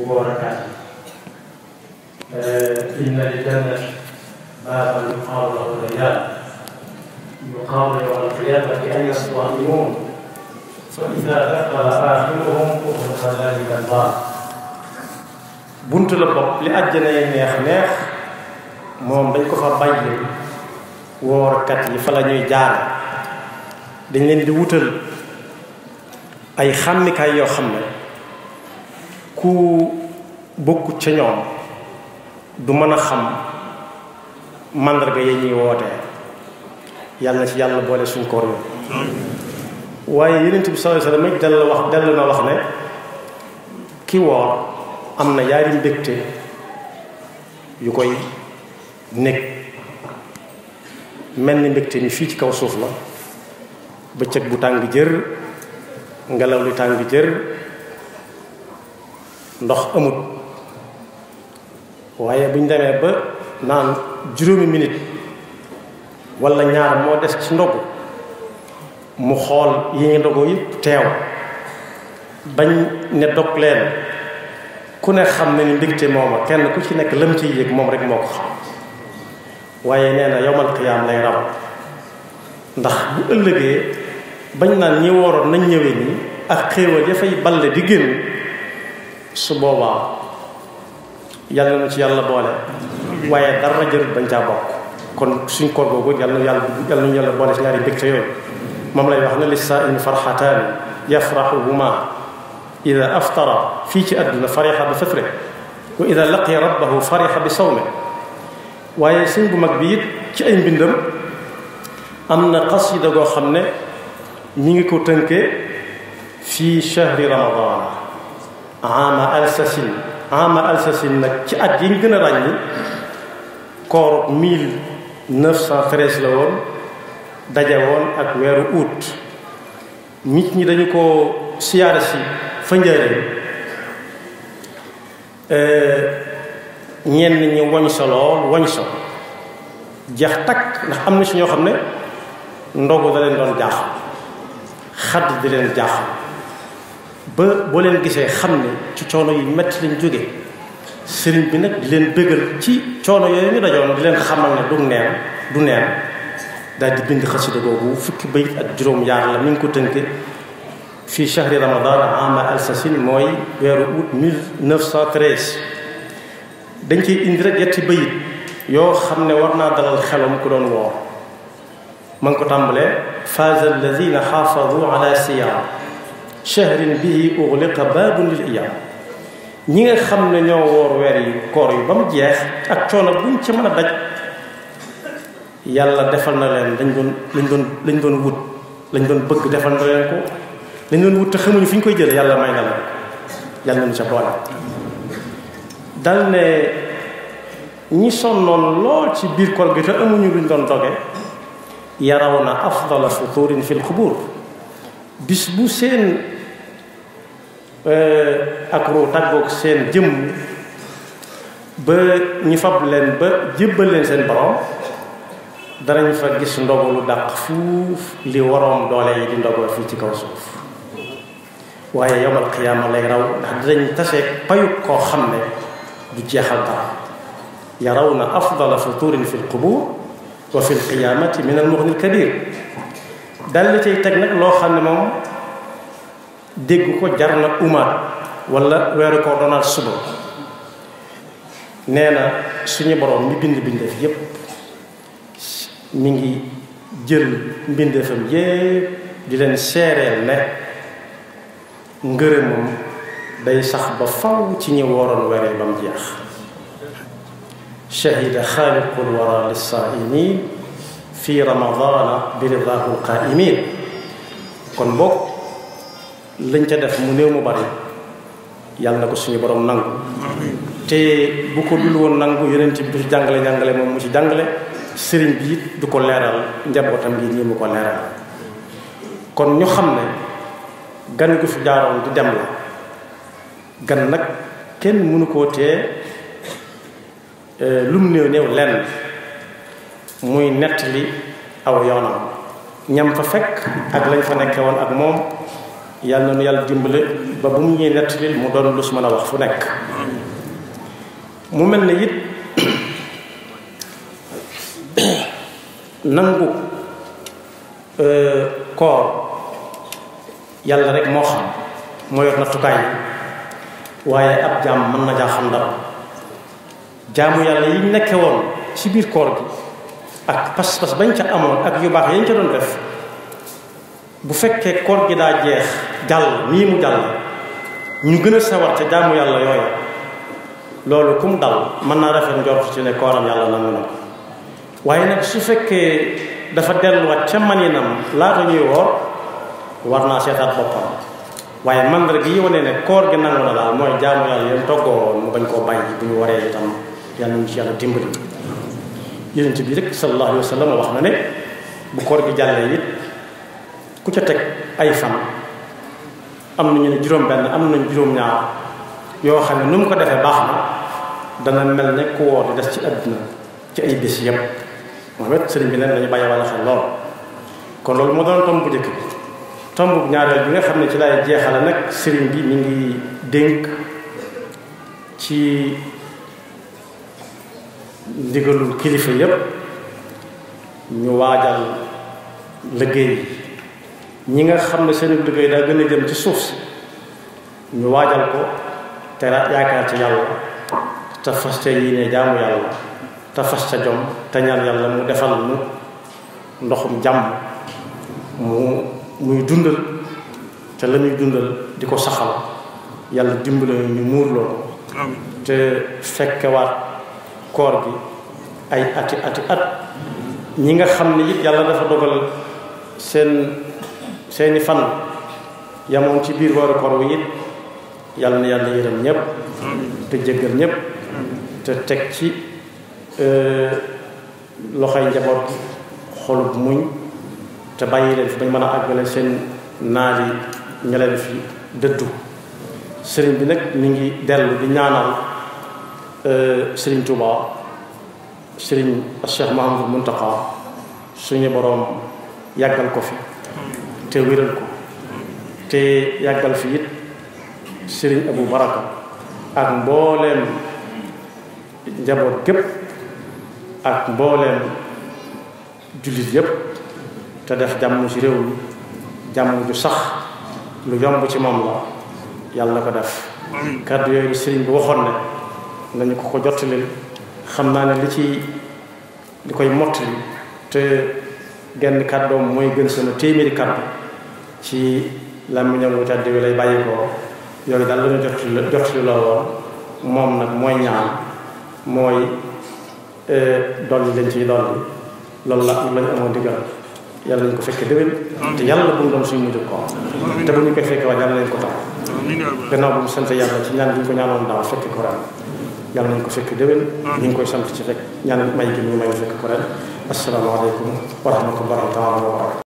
وبركاته إن للجنة بابا يقال له ريان يقال يوم القيامة أين الظالمون la bopp li àjjana yi neex neex moom dañ ko fa bàyyi woorkat yi fa la ñuy jaar dañ leen di wutal ay xàmmikaay yoo xam ne ku bokkut ca ñoom du mën a xam màndarga yi ñuy woote yàlla na ci yàlla boole suñ koor waaye yonent bi sallallahu alayhi wasallam dal wax dal na wax ne ki woor am na yaari mbégte yu koy nekk mel ni mbégte mi fii ci kaw suuf la bëccëg bu tàng jër ngelaw li tàng jër ndox amut waaye bu ñu demee ba naan juróomi minit wala ñaar moo des ci ndogu mu xool yi ngi ndogu yëpp teew bañ ne dog leen ku ne xam ne ni mbigte mooma kenn ku ci nekk lam ci yéeg moom rek moo ko xam waaye nee na yowmal qiyaam lay raw ndax bu ëllëgee bañ naan ñi wooroon nañ ñëwee nii ak xéewal ya fay balle di génn su boobaa yàlla na ci yàlla boole waaye dara jërut bañ caa bokk kon suñ koor googu yàlla yàlla yàlla nañu yàlla boole si ñaari mbégte yooyu moom lay wax ne li saa in farxataani yafraxuhuma ida aftara fii ci àdduna farixa bi fitre wa ida laqiya rabbahu waaye suñ bu mag biit ci ay mbindam am na xasida goo xam ne ñi ngi ko tënkee fii chahri ramadan ama alsasin ama alsasin nag ci at yiñ gën a ràññi koor 1913 la woon daje woon ak weeru août nit ñi dañu ko siyaare si fa njëriñ ñenn ñi woñ sa lool woñ sa jeex takk ndax am na si ñoo xam ne ndogu da leen doon jaaxal xadd di leen jaaxal ba boo leen gisee xam ne ci coono yu metti lañ jóge sëriñ bi nag di leen bëggal ci coono yooyu ñu dajoon di leen xamal ne du neen du neen daal di bind xasida boobu fukki bayit ak juróom yaar la mi ngi ko tënk fii chahri ramadan ama alsasin mooy weeru août 1913 dañ ciy indi rek yetti bayit yoo xam ne war naa dalal xelam ku doon woor ma ngi ko tàmbalee faza alladina xaafadu ala bii shahrin bihi ughliqa baabun lil iyaam ñi nga xam ne ñoo woor weer yu koor yi ba mu jeex ak coono buñ ci mën a daj yàlla defal na leen lañ doon lañ doon lañ wut lañ doon bëgg defal na leen ko lañ doon wut te xamuñu fi ñu koy jële yàlla may na la yàlla nañu sa boole dal ne ñi sonnoon lool ci biir koor gi te amuñu luñ doon doge yaraw na afdala futurin fil xubur bis bu seen Euh, ak ru tàggoog seen jëmm ba ñu fab leen ba jébbal leen seen borom danañ fa gis ndogu lu dàq fuuf li waroom doole yi di ndogoo fii ci kaw suuf waaye yomal xiyaama lay raw ndax dinañ tase payu koo xam ne du jeexal dara yaraw na afdala futurin fi lqubur wa fi lqiyamati min almuxni lkabir dal la cay teg nag loo xam ne moom dégg ko jar na umaat wala weeru ko doonaat suba nee na suñu borom mi bind bindeef yépp mu ngi jël mbindeefam yépp di leen seereel ne ngërëmam day sax ba faw ci ñi waroon weree ba mu jeex shahida xaaliqul wara lissaaimin fi ramadana biridahu lqaaimin kon bokk lañ ca def mu néew mu bari yàlla na ko suñu borom nangu te bu ko dul woon nangu yonent bi du ci jàngale jàngale moom mu ci jàngale sëriñ bi du ko leeral njabootam gi nii mu ko leeral kon ñu xam ne gan gu fi jaaroon di dem la gan nag kenn mënu koo tee e, lum néew néew lenn muy nettali aw yoonam ñam fa fekk ak lañ fa nekke woon ak moom yàlla na yàlla dimbale ba bu mu ñuy nettali mu doon lu su mën wax fu nekk mu mel ne it nangu euh, koor yàlla rek moo xam moo nattukaay waaye ab jaam mën na jaa xam dara jaamu yàlla yi nekke woon ci biir koor gi ak pas-pas bañ ca amoon ak yu baax yañ ca doon def bu fekkee koor gi daa jeex jàll nii mu jàll ñu gën a sawar ca jaamu yàlla yooyu loolu kum dal mën naa rafet njort ci ne kooram yàlla nangu na ko waaye nag su fekkee dafa delluwaat ca maninam laata ñuy woor war naa seetaat boppam waaye mandar gi wane ne koor gi nangu na daal mooy jaamu yàlla yéen toggoo mu bañ koo bàyyi bu ñu waree itam yàlla ñu ci yàlla dimbali yonent bi rek sallallahu alayhi wa wax na ne bu koor gi jàllee it ku ca teg ay fan am nañu ne juróom-benn am nañu juróom-ñaar yoo xam ne nu mu ko defee baax na dana mel ne ku woor di des ci àdduna ci ay bés yépp moom it sëriñ bi neen dañu bàyyi wala xel lool kon loolu moo doon tomb bu njëkk bi tomb bu ñaareel bi nga xam ne ci lay jeexale nag sëriñ bi mi ngi dénk ci ndigalul kilifa yépp ñu waajal liggéey ñi nga xam ne seen liggéey daa gën a jëm ci suuf si ñu waajal ko te yaakaar ci yàlla te fas ca yii te ñaan yàlla mu defal mu ndoxum jàmm mu muy dundal te lañuy muy dundal di ko saxal yàlla dimbale ñu muur loolu te fekkewaat koor gi ay ati ati at ñi nga xam ne it yàlla dafa dogal seen seeni fan yamoon ci biir weeru koor wi it yàlla na yàlla yërëm ñëpp te jéggal ñépp te teg ci euh, loxoy njaboot xolub muñ te bàyyi leen fi bañ mën a àggale seen naaj yi ña leen fi dëddu sëriñ bi nag mi ngi dellu di ñaanal euh, sëriñ Touba sëriñ Cheikh Mahamadou Mountakha suñu boroom yàggal ko fi te wéral ko te yàggal fi it sëriñ Abu Baraka ak mbooleem njaboot gépp ak mbooleem jullit yépp te def jàmm ci réew mi jàmm ju sax lu yomb ci moom la yàlla ko def kàddu yooyu sëriñ bi waxoon ne nañu ko ko jottalil xam naa ne li ci li koy mottali te genn kàddoom mooy gën sama téeméeri kàddu ci làmmiñam wu tedd bi lay bàyyi koo yooyu daal la ñu jot ci jot ci moom nag mooy ñaan mooy e, dolli lañ ciy dolli loolu la la ñu amoon digal yàlla nañ ko fekkee déwén te yàlla bu mu doon suñu ko te bu ñu fekkee waat yàlla nañ ko tax gannaaw bu sant ci ñaan bi ñu ko ñaanoon daaw fekk ko ren yàlla nañ ko fekk déwén ñu ngi koy sant ci rek ñaan may gi ñu may fekk ko ren asalaamaaleykum wa rahmatullahi taala wa barakatu